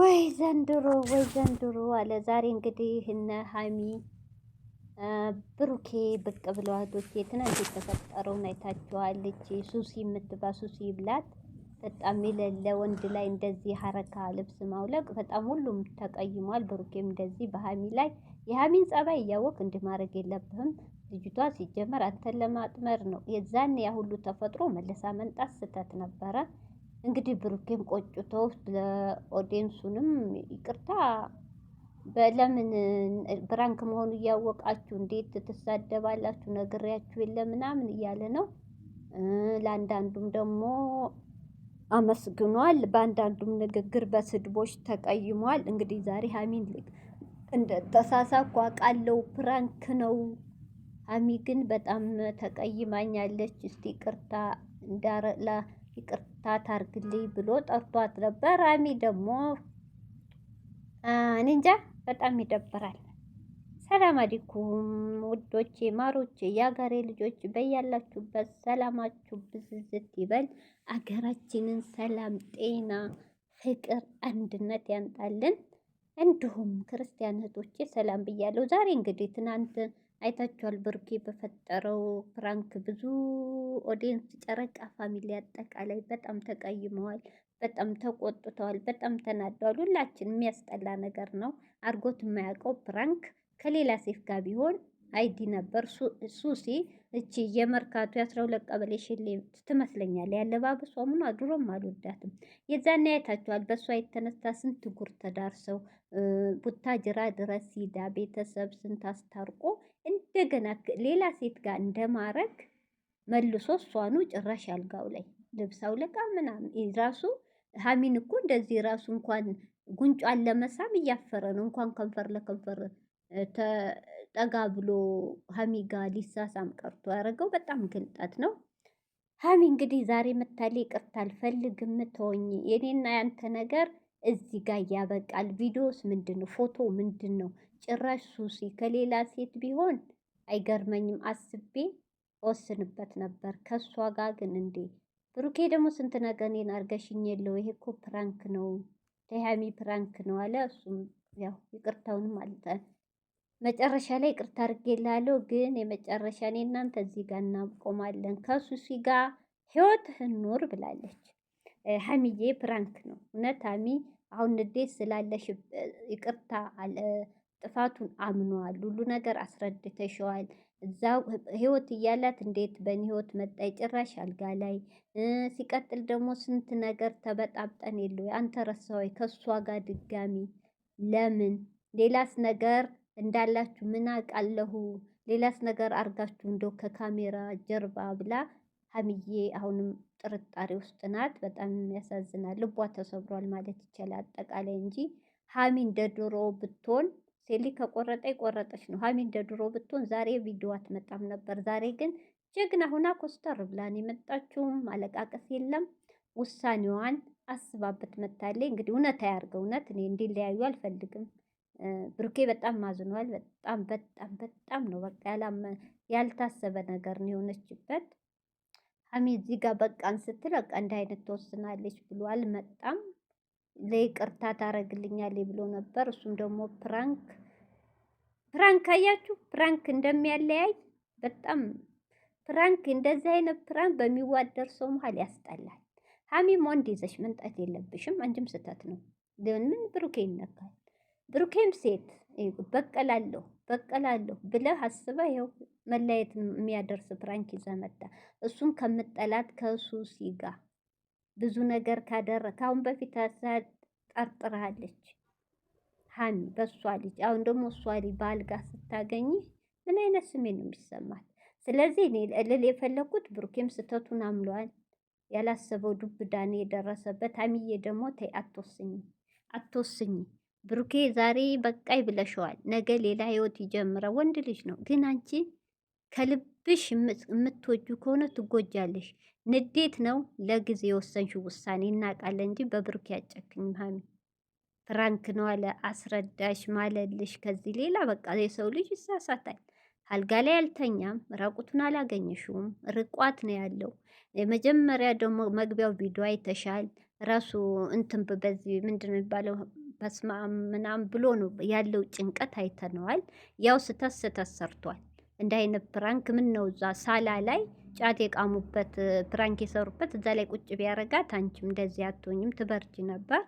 ወይ ዘንድሮ ወይ ዘንድሮ አለ። ዛሬ እንግዲህ እነ ሀሚ ብሩኬ ብቅ ብለዋል። ዶኬ ትናንት የተፈጠረውን አይታችኋል። ልጅ ሱሲ የምትባ ሱሲ ይብላት። በጣም የሌለ ወንድ ላይ እንደዚህ ሀረካ ልብስ ማውለቅ በጣም ሁሉም ተቀይሟል። ብሩኬም እንደዚህ በሀሚ ላይ የሀሚን ጸባይ እያወቅ እንዲህ ማድረግ የለብህም። ልጅቷ ሲጀመር አንተን ለማጥመር ነው። የዛን ያ ሁሉ ተፈጥሮ መለሳ መንጣት ስተት ነበረ። እንግዲህ ብሩኬም ቆጭቶ ለኦዲንሱንም ይቅርታ በለምን ብራንክ መሆኑ እያወቃችሁ እንዴት ትሳደባላችሁ? ነግሬያችሁ የለ ምናምን እያለ ነው። ለአንዳንዱም ደግሞ አመስግኗል። በአንዳንዱም ንግግር በስድቦች ተቀይሟል። እንግዲህ ዛሬ ሀሚን እንደ ተሳሳኩ አውቃለሁ፣ ፕራንክ ነው። ሀሚ ግን በጣም ተቀይማኛለች። እስቲ ቅርታ ይቅርታ ታርግልኝ ብሎ ጠርቷት ነበር። አሚ ደግሞ እንጃ በጣም ይደብራል። ሰላም አለይኩም ውዶቼ፣ ማሮቼ፣ የአገሬ ልጆች በያላችሁበት ሰላማችሁ ብዝዝት ይበል። አገራችንን ሰላም፣ ጤና፣ ፍቅር፣ አንድነት ያንጣልን። እንዲሁም ክርስቲያን እህቶቼ ሰላም ብያለሁ። ዛሬ እንግዲህ ትናንት አይታችኋል፣ ብሩኬ በፈጠረው ፕራንክ ብዙ ኦዲየንስ ጨረቃ ፋሚሊ አጠቃላይ በጣም ተቀይመዋል፣ በጣም ተቆጥተዋል፣ በጣም ተናደዋል። ሁላችን የሚያስጠላ ነገር ነው። አርጎት የማያውቀው ፕራንክ ከሌላ ሴፍ ጋር ቢሆን አይዲ ነበር ሱሲ። እቺ የመርካቱ የአስራ ሁለት ቀበሌ ሽሌ ትመስለኛል። ያለባበሷ ምኗ ድሮም አልወዳትም። የዛን ያይታችኋል። በእሷ የተነሳ ስንት ጉር ተዳርሰው ቡታጅራ ድረስ ሂዳ ቤተሰብ ስንት አስታርቆ እንደገና ሌላ ሴት ጋር እንደማረግ መልሶ እሷኑ ጭራሽ አልጋው ላይ ልብስ አውለቃ ምናምን ራሱ ሀሚን እኮ እንደዚህ ራሱ እንኳን ጉንጯን ለመሳም እያፈረ ነው። እንኳን ከንፈር ለከንፈር ጠጋ ብሎ ሀሚ ጋር ሊሳሳም ቀርቶ ያደረገው በጣም ግልጠት ነው። ሀሚ እንግዲህ ዛሬ መታሌ ይቅርታ አልፈልግም ተወኝ፣ የኔና ያንተ ነገር እዚህ ጋር ያበቃል። ቪዲዮስ ምንድን ነው? ፎቶ ምንድን ነው? ጭራሽ ሱሲ ከሌላ ሴት ቢሆን አይገርመኝም፣ አስቤ ወስንበት ነበር። ከእሷ ጋር ግን እንዴ! ብሩኬ ደግሞ ስንት ነገር እኔን አርገሽኝ የለው ይሄ እኮ ፕራንክ ነው፣ ለሀሚ ፕራንክ ነው አለ። እሱም ያው ይቅርታውንም አልጠን መጨረሻ ላይ ቅርታ አድርጌላለሁ። ግን የመጨረሻ እኔ እናንተ እዚህ ጋር እናቆማለን። ከሱሲ ጋር ህይወትህን ኑር ብላለች ሀሚዬ። ፕራንክ ነው እውነት ሀሚ። አሁን ንዴት ስላለሽ ይቅርታ ጥፋቱን አምኗል። ሁሉ ነገር አስረድተሸዋል። እዛው ህይወት እያላት እንዴት በእኔ ህይወት መጣ? ጭራሽ አልጋ ላይ ሲቀጥል ደግሞ ስንት ነገር ተበጣብጠን የለ አንተ ረሳዊ ከእሷ ጋር ድጋሚ ለምን ሌላስ ነገር እንዳላችሁ ምን አውቃለሁ ሌላስ ነገር አርጋችሁ እንደው ከካሜራ ጀርባ ብላ ሀሚዬ አሁንም ጥርጣሬ ውስጥ ናት። በጣም የሚያሳዝናል። ልቧ ተሰብሯል ማለት ይቻላል አጠቃላይ እንጂ ሀሚ እንደ ድሮ ብትሆን ሴሊ ከቆረጠ ቆረጠች ነው። ሀሚ እንደ ድሮ ብትሆን ዛሬ ቪዲዮ አትመጣም ነበር። ዛሬ ግን ጀግና ሁና ኮስተር ብላን የመጣችውም አለቃቀስ የለም ውሳኔዋን አስባበት መታለች። እንግዲህ እውነት አያርገ እውነት እኔ እንዲለያዩ አልፈልግም። ብሩኬ በጣም ማዝኗል። በጣም በጣም በጣም ነው በቃ ያልታሰበ ነገር ነው የሆነችበት። ሀሚ እዚህ ጋር በቃን ስትል በቃ እንደ አይነት ተወስናለች ብሎ አልመጣም። ለይቅርታ ታረግልኛል ብሎ ነበር። እሱም ደግሞ ፕራንክ ፕራንክ አያችሁ፣ ፕራንክ እንደሚያለያይ በጣም ፕራንክ፣ እንደዚህ አይነት ፕራንክ በሚዋደር ሰው መሀል ያስጠላል። ሀሚም ወንድ ይዘሽ መንጣት የለብሽም። አንቺም ስህተት ነው። ምን ብሩኬ ይነካል ብሩኬም ሴት በቀላለሁ በቀላለሁ ብለህ አስበህ ይኸው መለየት የሚያደርስ ፕራንክ ይዘህ መጣ። እሱን ከምጠላት ከሱሲ ሲጋ ብዙ ነገር ካደረ ካሁን በፊት ጠርጥራለች ሀሚ በእሷ ልጅ። አሁን ደግሞ እሷ ልጅ በአልጋ ስታገኝ ምን አይነት ስሜት ነው የሚሰማት? ስለዚህ እኔ እልል የፈለግኩት ብሩኬም ስህተቱን አምሏል። ያላሰበው ዱብ ዳኔ የደረሰበት። ሀሚዬ ደግሞ ተይ አትወስኝ አትወስኝ ብሩኬ ዛሬ በቃ ይብለሸዋል ነገ ሌላ ህይወት ይጀምረ ወንድ ልጅ ነው። ግን አንቺ ከልብሽ የምትወጁ ከሆነ ትጎጃለሽ። ንዴት ነው ለጊዜ የወሰንሽ ውሳኔ እናውቃለን እንጂ በብሩኬ ያጨክኝም። ሀሚ ፍራንክ ነው አለ አስረዳሽ ማለልሽ። ከዚህ ሌላ በቃ የሰው ልጅ ይሳሳታል። አልጋ ላይ አልተኛም፣ ራቁቱን አላገኘሽውም፣ ርቋት ነው ያለው። የመጀመሪያ ደግሞ መግቢያው ቪዲዮ አይተሻል። ራሱ እንትን በዚህ ምንድን ነው የሚባለው በስመ አብ ምናምን ብሎ ነው ያለው ጭንቀት አይተነዋል። ያው ስተት ስተት ሰርቷል። እንደ አይነት ፕራንክ ምን ነው እዛ ሳላ ላይ ጫት የቃሙበት ፕራንክ የሰሩበት እዛ ላይ ቁጭ ቢያረጋት አንቺም እንደዚህ አትሆኝም ትበርጅ ነበር።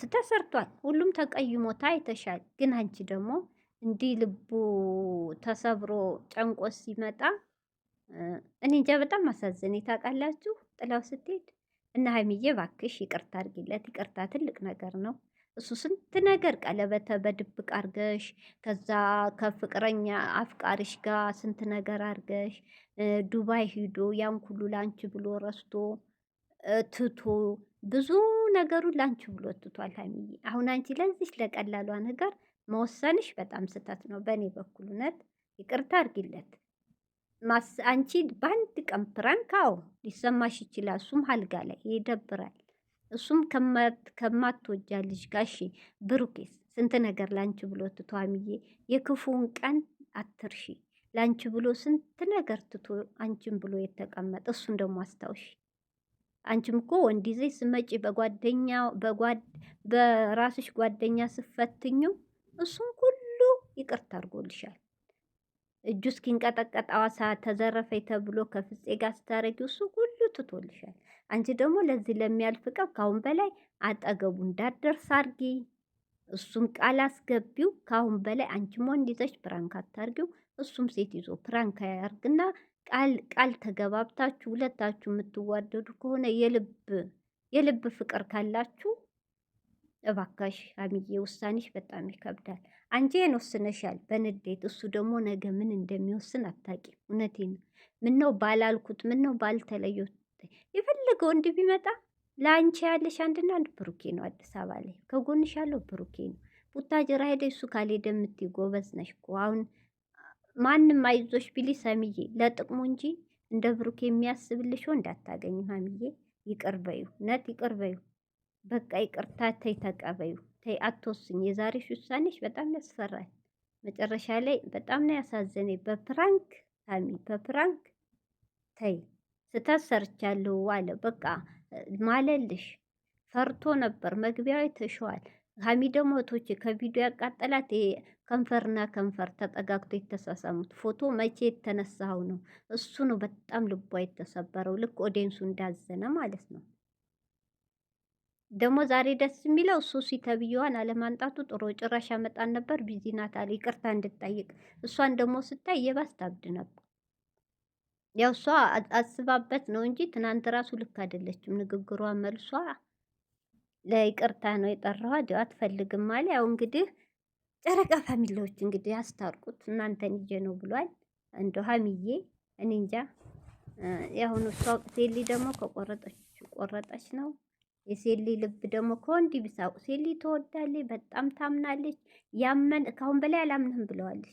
ስተት ሰርቷል። ሁሉም ተቀይሞታ አይተሻል። ግን አንቺ ደግሞ እንዲህ ልቡ ተሰብሮ ጨንቆ ሲመጣ እኔ እንጃ በጣም አሳዘን ታውቃላችሁ። ጥላው ስትሄድ እና ሀይሚዬ እባክሽ ይቅርታ አድርጊለት። ይቅርታ ትልቅ ነገር ነው። እሱ ስንት ነገር ቀለበተ በድብቅ አድርገሽ ከዛ ከፍቅረኛ አፍቃሪሽ ጋር ስንት ነገር አርገሽ ዱባይ ሂዶ ያን ሁሉ ላንቺ ብሎ ረስቶ ትቶ ብዙ ነገሩን ላንቺ ብሎ ትቷል። ሀይሚዬ አሁን አንቺ ለዚች ለቀላሏ ነገር መወሰንሽ በጣም ስህተት ነው። በእኔ በኩል እውነት ይቅርታ አድርጊለት። አንቺ በአንድ ቀን ፕራንክ አዎ ሊሰማሽ ይችላል። እሱም አልጋ ላይ ይደብራል። እሱም ከማትወጃ ልጅ ጋሺ እሺ። ብሩኬስ ስንት ነገር ላንቺ ብሎ ትቶ ሀይሚዬ፣ የክፉውን ቀን አትርሺ። ላንቺ ብሎ ስንት ነገር ትቶ አንቺን ብሎ የተቀመጠ እሱን ደግሞ አስታውሺ። አንቺም እኮ ወንድ ይዘሽ ስመጪ በጓደኛ በራስሽ ጓደኛ ስፈትኙ እሱም ሁሉ ይቅርታ አድርጎልሻል። እጁ እስኪንቀጠቀጥ አዋሳ ተዘረፈ ተብሎ ከፍፄ ጋር ስታረጊው እሱ ሁሉ ትቶልሻል። አንቺ ደግሞ ለዚህ ለሚያልፍ ቀን ካሁን በላይ አጠገቡ እንዳደርስ አርጊ። እሱም ቃል አስገቢው። ካሁን በላይ አንቺም ወንድ ይዘሽ ፕራንክ አታርጊው፣ እሱም ሴት ይዞ ፕራንክ ያርግና ቃል ቃል ተገባብታችሁ ሁለታችሁ የምትዋደዱ ከሆነ የልብ የልብ ፍቅር ካላችሁ እባካሽ ሀይሚዬ ውሳኔሽ በጣም ይከብዳል። አንቺ ይህን ወስነሻል በንዴት እሱ ደግሞ ነገ ምን እንደሚወስን አታቂ። እውነቴ ነው። ምነው ባላልኩት፣ ምነው ባልተለየት። የፈለገ ወንድ ቢመጣ ለአንቺ ያለሽ አንድና አንድ ብሩኬ ነው። አዲስ አበባ ላይ ከጎንሽ ያለው ብሩኬ ነው። ቡታጅራ ሄደ እሱ ካልሄደ የምትይ ጎበዝ ነሽ እኮ። አሁን ማንም አይዞሽ ቢሊ ሰሚዬ ለጥቅሙ እንጂ እንደ ብሩኬ የሚያስብልሽ ወንድ አታገኝም። ሀይሚዬ ይቅር በይው፣ እውነት ይቅር በቃ ይቅርታ ተይ ተቀበዩ፣ ተይ አትወስኝ። የዛሬሽ ውሳኔሽ በጣም ያስፈራል። መጨረሻ ላይ በጣም ነው ያሳዘነኝ። በፕራንክ ታሚ በፕራንክ ተይ ስታሰርቻለሁ አለ። በቃ ማለልሽ ፈርቶ ነበር። መግቢያው ተሸዋል። ሀሚ ደግሞ ቶች ከቪዲዮ ያቃጠላት ይሄ ከንፈርና ከንፈር ተጠጋግቶ የተሳሳሙት ፎቶ መቼ የተነሳው ነው? እሱ ነው በጣም ልቧ የተሰበረው። ልክ ኦዴንሱ እንዳዘነ ማለት ነው። ደግሞ ዛሬ ደስ የሚለው ሱሲ ተብዬዋን አለማንጣቱ ጥሩ። ጭራሽ ያመጣን ነበር። ቢዚ ናት አለ ይቅርታ እንድጠይቅ። እሷን ደግሞ ስታይ የባስ ታብድ ነበር። ያው እሷ አስባበት ነው እንጂ ትናንት ራሱ ልክ አይደለችም ንግግሯ፣ መልሷ ለይቅርታ ነው የጠራኋት። ያው አትፈልግም አለ። ያው እንግዲህ ጨረቃ ፋሚሊዎች እንግዲህ ያስታርቁት እናንተን ይዤ ነው ብሏል። እንደ ሀሚዬ እኔ እንጃ። የአሁኑ እሷ ቅቴሊ ደግሞ ከቆረጠች ቆረጠች ነው የሴሊ ልብ ደግሞ ከወንድ ቢሳው ሴሊ ትወዳለች፣ በጣም ታምናለች። ያመን ከአሁን በላይ አላምንህም ብለዋለች።